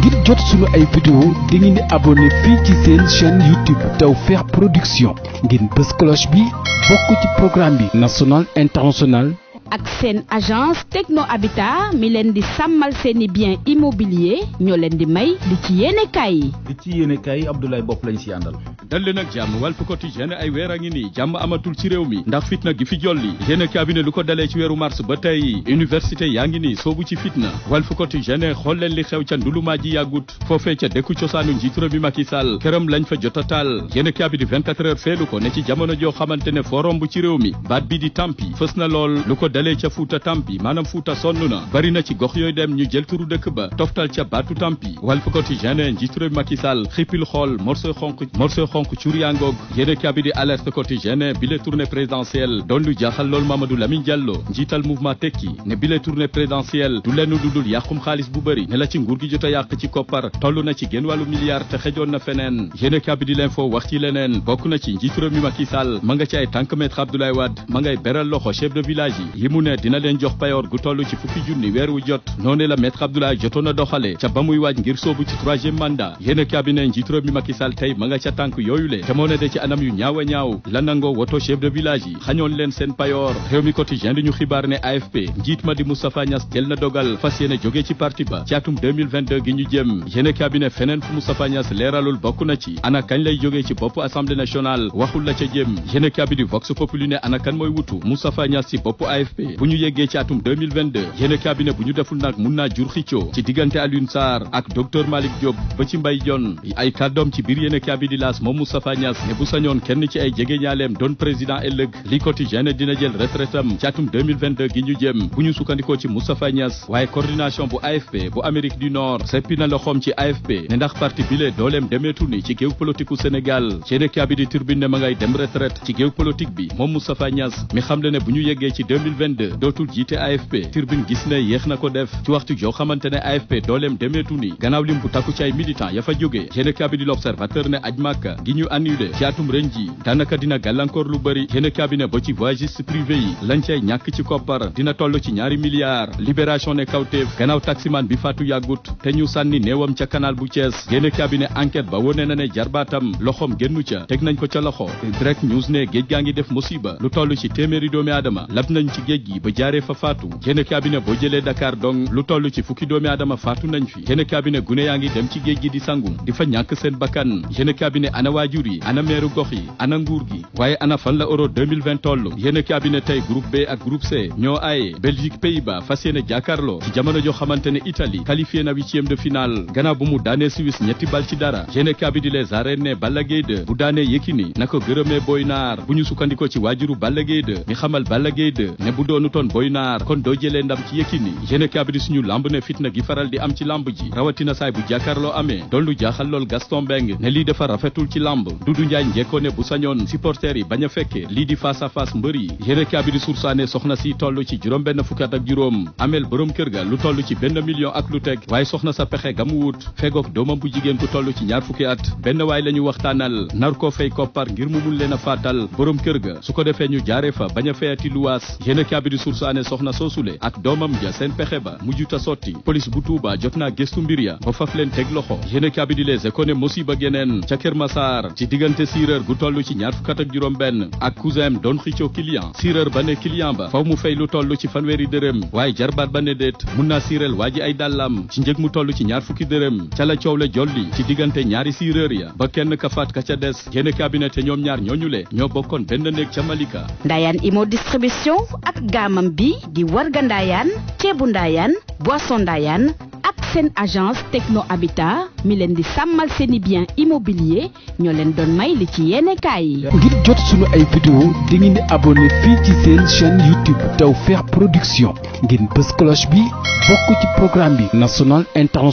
ngir jot sunu ay vidéo di ngeen di abonné fii ci seen chaîne YouTube Tawfekh Production ngeen bës cloche bi bokk ci programme bi national international ak seen agence Techno abita mi leen di sàmmal seeni bien immobilier ñoo leen di may li ci yéene kaay yi li ci yéene kaay yi Abdoulaye Bopp lañ si àndal dal leen ak jàmm Walf Quotidien ay weer a ngi nii jàmm amatul ci réew mi ndax fitna gi fi jolli yéen cabinet lu ko dalee ci weeru mars ba tey université yaa ngi nii soobu ci fitna Walf Quotidien xool leen li xew ca ndulumaa ji yàggut foofee ca dëkku cosaanu njiitu réew mi Macky lañ fa jot a taal yéen cabinet feelu ko ne ci jamono joo xamante ne foo romb ci réew mi baat bi tampi fës lool lu ko dalee ca Fuuta tampi maanaam Fuuta sonn na bari na ci gox yooyu dem ñu ba fonk cuur yaa ngoog yéene kaabi di alerte quotidienne bi le tournée présidentielle doon lu jaaxal lool Mamadou Lamine Diallo njiital mouvement tekki ne bi le présidentielle du lenn dudul yàqum xaalis bu bëri ne la ci nguur gi jot a yàq ci koppar toll na ci génn wàllu milliard te xejoon na feneen yéene kaabi di l'info wax ci leneen bokk na ci njiitu réew mi Macky ma nga ci ay tànk maître Abdoulaye Wade ma ngay beral loxo chef de village yi yi leen jox payoor gu toll ci fukki junni weer wu jot a ba muy waaj ngir soobu ci troisième mandat yéene kaabi ne njiitu yooyu le témoigné de ci anam yu ñaaw a ñaaw la nangoo woto chef de village yi xañoon leen seen payoor réew mi quotidien di ñu xibaar ne AFP njiit ma di Moustapha Niass jël na dogal fas yéene jóge ci parti ba ci atum 2022 gi ñu jëm yéene cabinet feneen fu Moustapha Niass leeralul bokk na ci ana kañ lay jógee ci bopp assemblée nationale waxul la ca jëm yéene cabinet di vox kan mooy wutu Moustapha Niass ci bopp AFP bu ñu yeggee ci atum 2022 yéene cabinet bu ñu deful nag mun naa jur xicco ci diggante Alioune Sarr ak docteur Malick Diop ba ci Mbaye Dione ay kàddoom ci Moustapha Niass ne bu sañoon kenn ci ay jege ñaaleem doon président ëllëg li quotidien ne dina jël retraitam ci atum 2022 gi ñu jëm bu ñu sukkandikoo ci Moustapha Niass waaye coordination bu AFP bu Amérique du Nord seppi loxoom ci AFP ne ndax parti bile dooleem demeetu ni ci géew u Sénégal ceene kaabi di turbine ne ma ngay dem retraite ci géew bi moom Moustapha Niass mi xamle ne bu ñu yeggee ci 2022 dootul jiite AFP turbine gis ne yéex na ko def ci waxtu joo xamante ne AFP dooleem demeetu ni gi ñu annulé ci atum ren ji daanaka dina gàllankoor lu bëri yenn cabinet ba ci voyagiste privé yi lañ cay ñàkk ci koppar dina toll ci ñaari milliards libération ne kawteef gannaaw taximan bi faatu yàggut te ñu sànni néewam ca canal bu Thiès yenn cabinet enquête ba wone na ne jarbaatam loxoom génnu ca teg nañ ko ca loxo direct news ne géej gaa ngi def musiba lu toll ci téeméeri doomi aadama lab nañ ci géej gi ba jaaree fa faatu yenn cabinet boo jëlee Dakar dong lu toll ci fukki doomi aadama faatu nañ fi yenn cabinet gune yaa ngi dem ci géej gi di sangu waajur yi ana meeru gox yi ana nguur gi waaye ana fan la euro 2020 toll yéena cabinet tey groupe B ak groupe C ñoo aaye Belgique Pays-Bas fas yéene jàkkaarloo ci jamono joo xamante Italie qualifié na huitième de finale gannaaw bu mu daanee Suisse ñetti bal ci dara yéena cabinet les arènes Balla Gaye bu daanee Yékini na ko gërëmee Boy Naar bu ñu sukkandikoo ci waajuru Balla Gaye 2 mi xamal Balla Gaye 2 ne bu doonu toon Boy Naar kon doo jëlee ndam ci Yékini yéena cabinet suñu lamb ne gi faral di am ci lamb ji rawatina saay bu jàkkaarloo amee doon ci lamb Doudou Ndiaye njëkkoon ne bu sañoon supporters yi bañ a fekke lii di face à face mbër yi yéene kaabiri sursaane soxna si toll ci juróom benn fukkat ak juróom ameel borom kër ga lu toll ci benn million ak lu teg waaye soxna sa pexe gamu wut fegoog doomam bu jigéen ku toll ci ñaar fukki at benn waay la ñu waxtaanal nar ko fay koppar ngir mu mun leen a faatal borom kër ga su ko defee ñu jaare fa bañ a feyati luwaas yéene kaabiri sursaane soxna soosule ak doomam ja seen pexe ba mujjuta sotti police bu Tuuba jot naa gëstu mbir ya ba faf leen teg loxo yéene kaabiri les écone musiba Sarr ci diggante Sireur gu toll ci ñaar fukk ak juróom benn ak cousin doon xicco client Sireur ba ne client ba faw mu fay lu toll ci fanweeri dërëm waaye jarbaat ba ne déet mun naa Sirel waa ji ay dàllam ci njëg mu toll ci ñaar fukki dërëm ca la coow la jolli ci diggante ñaari Sireur ya ba kenn ka ka ca des génne cabinet te ñoom ñaar ñooñu le ñoo bokkoon benn néeg ca Malika. Ndayaan Imo distribution ak gaamam bi di warga Ndayaan ceebu seen agence Techno Habitat mi leen di sàmmal seen i bien immobilier ñoo leen doon may li ci yenn kaay yi. ngir jot sunu ay vidéo di ngeen di abonné fii ci seen chaîne YouTube Tawfekh Production ngeen bës cloche bi bokk ci programme bi national international.